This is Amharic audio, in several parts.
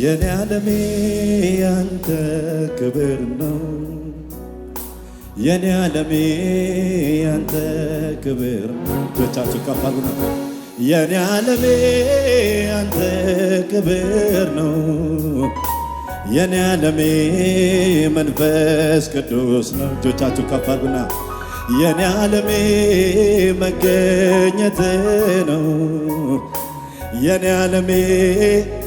የኔ ዓለሜ ያንተ ክብር ነው። የኔ ዓለሜ ያንተ ክብር ነው። እጆቻችሁ የኔ ዓለሜ ያንተ ክብር ነው። የኔ ዓለሜ መንፈስ ቅዱስ ነው። እጆቻችሁ ከፍ አድርጉና የኔ ዓለሜ መገኘት ነው የኔ ዓለሜ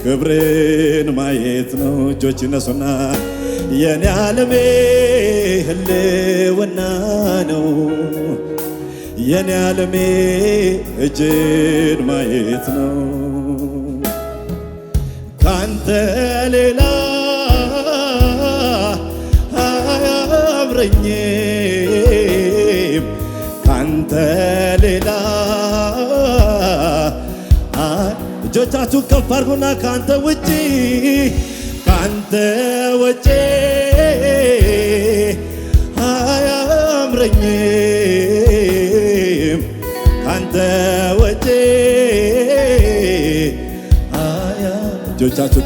ክብርን ማየት ነው። እጆች ይነሱና የኔ ዓለሜ ህልውና ነው። የኔ ዓለሜ እጅን ማየት ነው። ካንተ ሌላ አያምረኝም ካንተ እጆቻችሁን ከፍ አድርጉና ከአንተ ውጪ ካንተ ውጪ አያምረኝም ከአንተ ውጪ አያ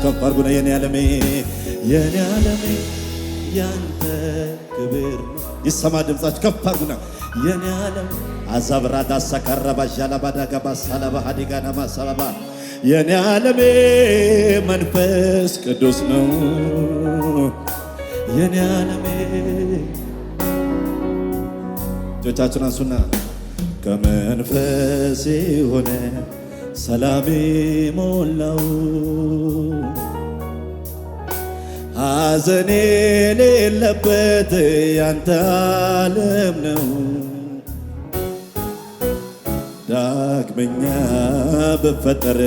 ከፍ አድርጉና የኔ ዓለሜ የኔ ዓለሜ ያንተ ክብር ይሰማ ድምጻችሁ ከፍ አድርጉና የኔ ዓለም አዛብራዳ ሰከረባ ዣላባዳ ገባ ሳለባ ሀዲጋናማ ሰበባ የኔ ዓለሜ መንፈስ ቅዱስ ነው። የኔ ዓለሜ እጆቻችን አንሱና ከመንፈስ የሆነ ሰላሜ ሞላው ሐዘኔ ሌለበት ያንተ ዓለም ነው ዳግመኛ ብፈጠር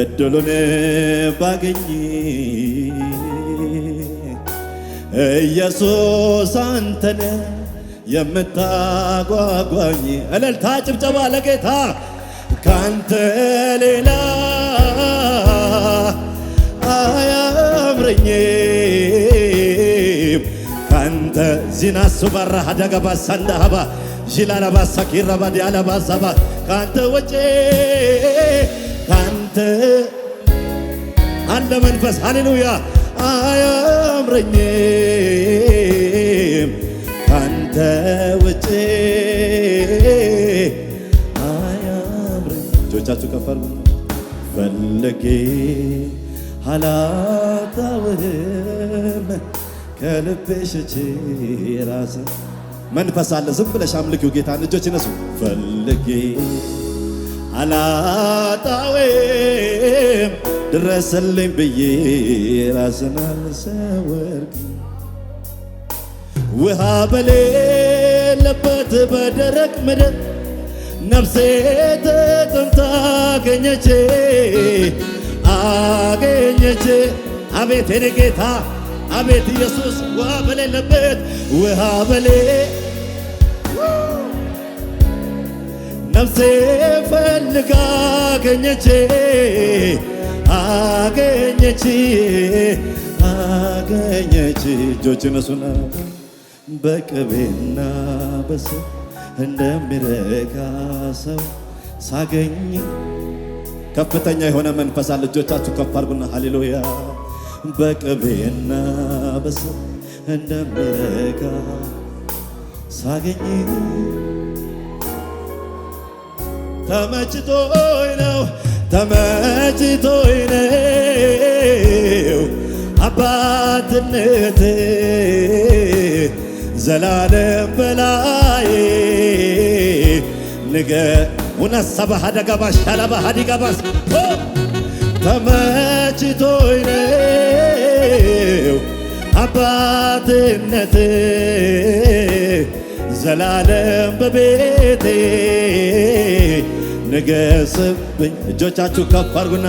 እድሉን ባገኝ ኢየሱስ አንተነ የምታጓጓኝ እልልታ ጭብጨባ ለጌታ ካንተ ሌላ አያምረኝም ካንተ ዚናሱ በራ አደገባ ሰንዳባ ዢላላባሳ ኪራባ አላባሳባ ካንተ ወጪ ካንተ አለ መንፈስ ሃሌሉያ አያምረኝም ካንተ ውጪ አያምረኝ። እጆቻችሁ ከፍ አድርጉ። አላጣውህም ከልቤ ሸቼ ራስን መንፈስ አለ። ዝም ብለሽ አምልኪው ጌታን። እጆች ይነሱ። ፈልጌ አላጣዌም ድረሰልኝ ብዬ ራስን አልሰወርክ ውሃ በሌለበት በደረቅ ምድር ነፍሴ ተጠምታ አገኘቼ አገኘቼ አቤት ኔ ጌታ አቤት ኢየሱስ ውሃ በሌለበት ውሃ በሌ ነፍሴ ፈልጋ አገኘቼ አገኘች አገኘች እጆች ነሱና በቅቤና በስ እንደሚረጋ ሰው ሳገኝ ከፍተኛ የሆነ መንፈሳል እጆቻችሁ ከፍ አድርጉና ሃሌሉያ በቅቤና በሰብ እንደሚረካ ሳገኝ ተመችቶኝ ነው ተመችቶኝ ነው አባትነት ዘላለም በላይ ንገ ውነሰ ተመችቶኝ ነው አባትነት ዘላለም በቤቴ ንገስብኝ። እጆቻችሁ ከፍ አድርጉና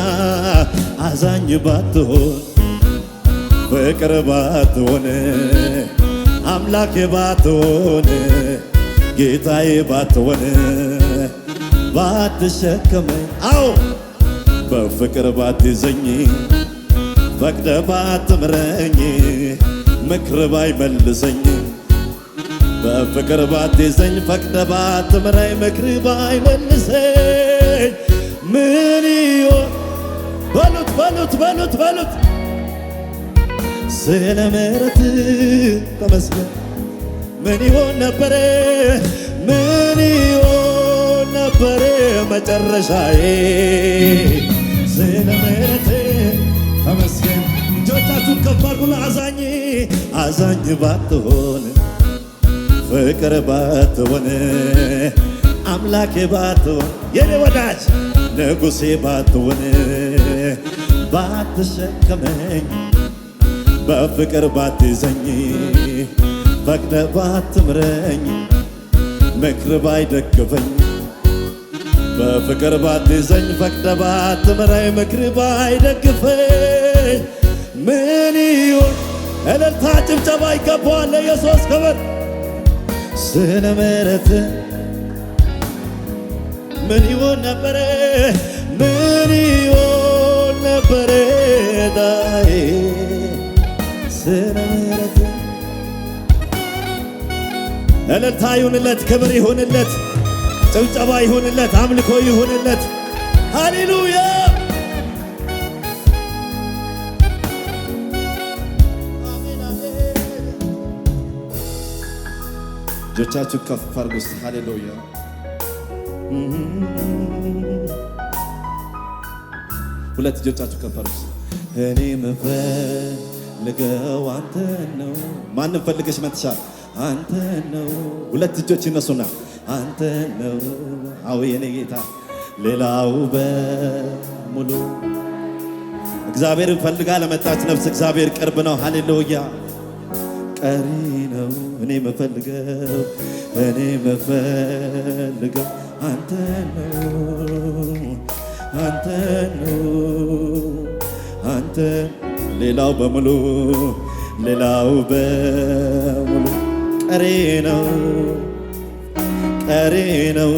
አዛኝ ባትሆን ፍቅር ባትሆን አምላኬ ባትሆን ጌታዬ ባትሆን ባትሸከመኝ አዎ በፍቅር ባትይዘኝ ፈቅደ ባትምረኝ ምክር ባይመልሰኝ በፍቅር ባትይዘኝ ፈቅደ ባትምረኝ ምክር ባይመልሰኝ ምን በሉት በሉት በሉት በሉት ስለ ምሕረት ተመስገን ምን ይሆን ነበረ ምን ይሆን ነበረ መጨረሻዬ ስለ ምሕረት ተመስገን። እጆቻችሁን ከፍ አድርጉ ለአዛኝ አዛኝ ባትሆን ፍቅር ባትሆን አምላኬ ባትሆን የኔ ወዳጅ ንጉሴ ባትሆን ባትሸከመኝ በፍቅር ባትይዘኝ ፈቅደ ባትምረኝ ምክር ባይደግፈኝ በፍቅር ባትዘኝ ፈቅደ ባትምራይ ምክር ባይደግፈኝ ምን ይሁን እልልታ ጭብጨባ ይገባዋል ለኢየሱስ ክብር። ስነ ምረት ምን ይሁን ነበረ ምን ይሁን ነበረ ዳይ ስነ ምረት እልልታ ይሁንለት ክብር ይሁንለት ጭብጨባ ይሁንለት፣ አምልኮ ይሁንለት። ሃሌሉያ እጆቻችሁ ከፍ አድርጉ። ሃሌሉያ ሁለት እጆቻችሁ ከፍ አድርጉ። እኔ ምፈልገው አንተን ነው። ማንም ፈልገሽ መጥሻል አንተን ነው። ሁለት እጆች ይነሱና አንተ ነው አዎ የኔ ጌታ ሌላው በሙሉ እግዚአብሔር ፈልጋ ለመጣች ነፍስ እግዚአብሔር ቅርብ ነው። ሃሌሉያ ቀሪ ነው እኔ መፈልገው እኔ መፈልገው አንተ ነው አንተ ነው አንተ ሌላው በሙሉ ሌላው በሙሉ ቀሪ ነው ፈጣሪ ነው።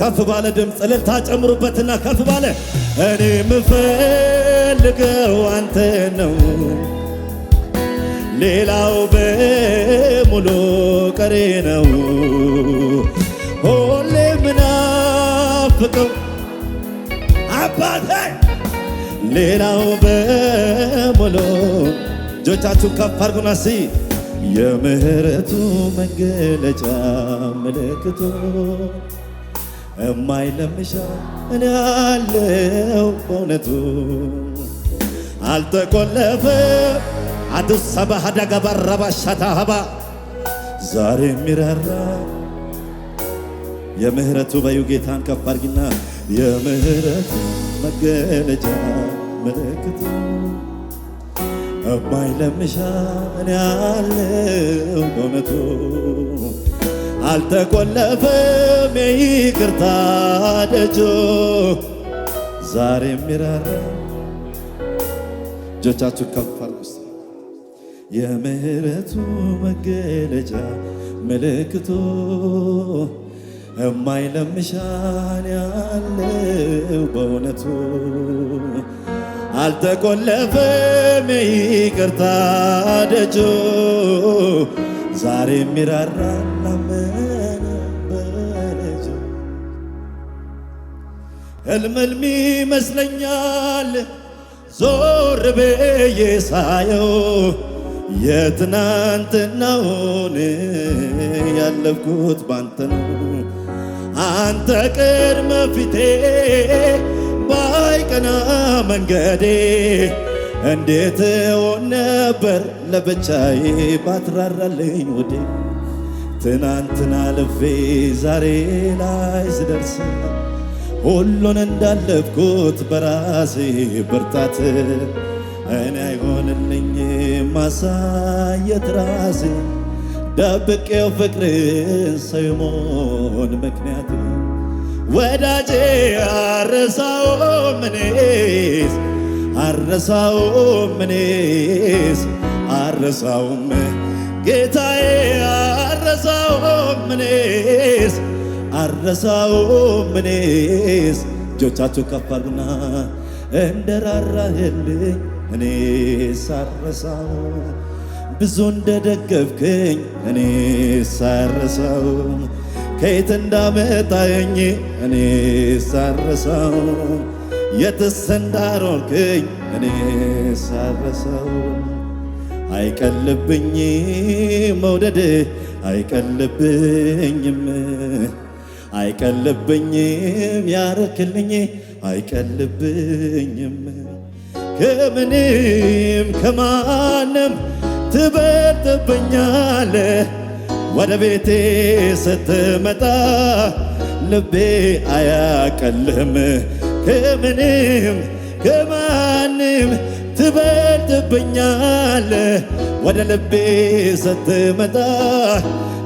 ከፍ ባለ ድምፅ እልልታ ጨምሩበትና ከፍ ባለ እኔ የምፈልገው አንተ ነው፣ ሌላው በሙሉ ቀሪ ነው። ሁሌ ምናፍቀው አባቴ ሌላው በሙሉ እጆቻችሁን ከፍ አድርጉና የምህረቱ መገለጫ ምልክቱ እማይለምሻ እኔ አለው በእውነቱ አልተቆለፈ አዱሰባህ ደገበረባ ሸታሀባ ዛሬ የሚራራ የምህረቱ በዩ ጌታን ከፍ አድርጊና የምህረቱ መገለጫ ምልክቱ እማይ ለምሻን ያለው በእውነቱ አልተቆለፈም የይቅርታ ደጁ ዛሬም ይራራ እጆቻችሁ ከፍ አርጉስ የምህረቱ መገለጫ ምልክቱ እማይ ያለው በእውነቱ አልተቆለፈም ይቅርታ ደጁ ዛሬ የሚራራ ላመነ በልጁ ሕልም ይመስለኛል ዞር ብዬ ሳየው የትናንትናውን ያለፍኩት ባንተ ነው አንተ ቅድመ ፊቴ ባይቀና መንገዴ እንዴት እሆን ነበር ለብቻዬ ባትራራልኝ ወዴ ትናንትና ልፌ ዛሬ ላይ ስደርስ ሁሉን እንዳለፍኩት በራሴ ብርታት እኔ አይሆንልኝ ማሳየት ራሴ ደብቄው ፍቅር ሰው መሆን ወዳጄ አረሳው ምኔስ አረሳው ምኔስ አረሳውም ጌታዬ አረሳው ምኔስ አረሳው ምኔስ እጆቻችሁ ከፍ አድርጉና እንደራራህልኝ እኔስ አረሳው ብዙ እንደደገፍክኝ እኔስ አረሳው ከየት እንዳመጣኝ እኔ ሳረሰው የትስ እንዳሮርክኝ እኔ ሳረሰው አይቀልብኝ መውደድ አይቀልብኝም አይቀልብኝም ያረክልኝ አይቀልብኝም ከምንም ከማንም ትበልጥብኛለህ ወደ ቤቴ ስትመጣ ልቤ አያቀልህም ከምንም ከማንም ትበልጥብኛል ወደ ልቤ ስትመጣ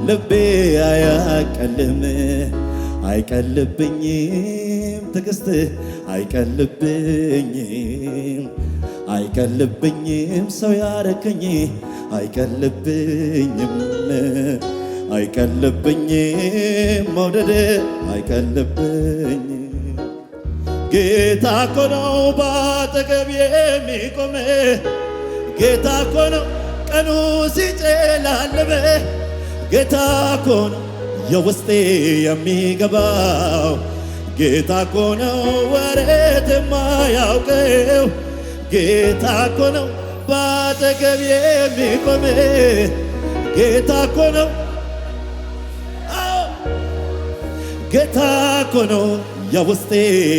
ልቤ አያቀልህም አይቀልብኝም ትግስት አይቀልብኝም አይቀልብኝም ሰው ያረከኝ አይቀልብኝም አይቀልብኝ መውደድ አይቀልብኝ ጌታ እኮ ነው ባጠገብ የሚቆም ጌታ እኮ ነው ቀኑ ሲጨላለመ ጌታ እኮ ነው የውስጤ የሚገባው ጌታ እኮ ነው ወሬት የማያውቀው ጌታ እኮ ነው ባጠገብ የሚቆም ጌታ እኮ ነው ጌታ እኮ ነው የውስጤ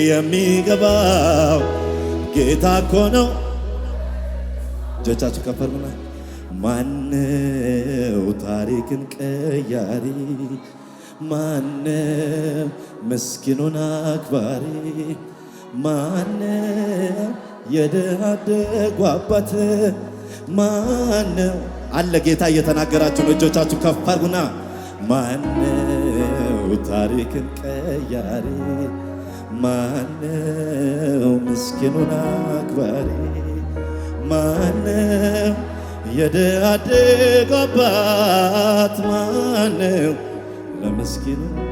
የሚገባው ጌታ እኮ ነው። እጆቻችሁ ከፍ አድርጉና ማነው ታሪክን ቀያሪ ማነው ምስኪኑን አክባሪ ማነው የድሃ አደጉ አባት ማነው አለ ጌታ እየተናገራችሁ ነው። እጆቻችሁ ከፍ አድርጉና ማነው ሕይወት ታሪክን ቀያሪ ማነው? ምስኪኑን አክባሪ ማነው? የደሃ አደግ አባት ማነው? ለምስኪኑ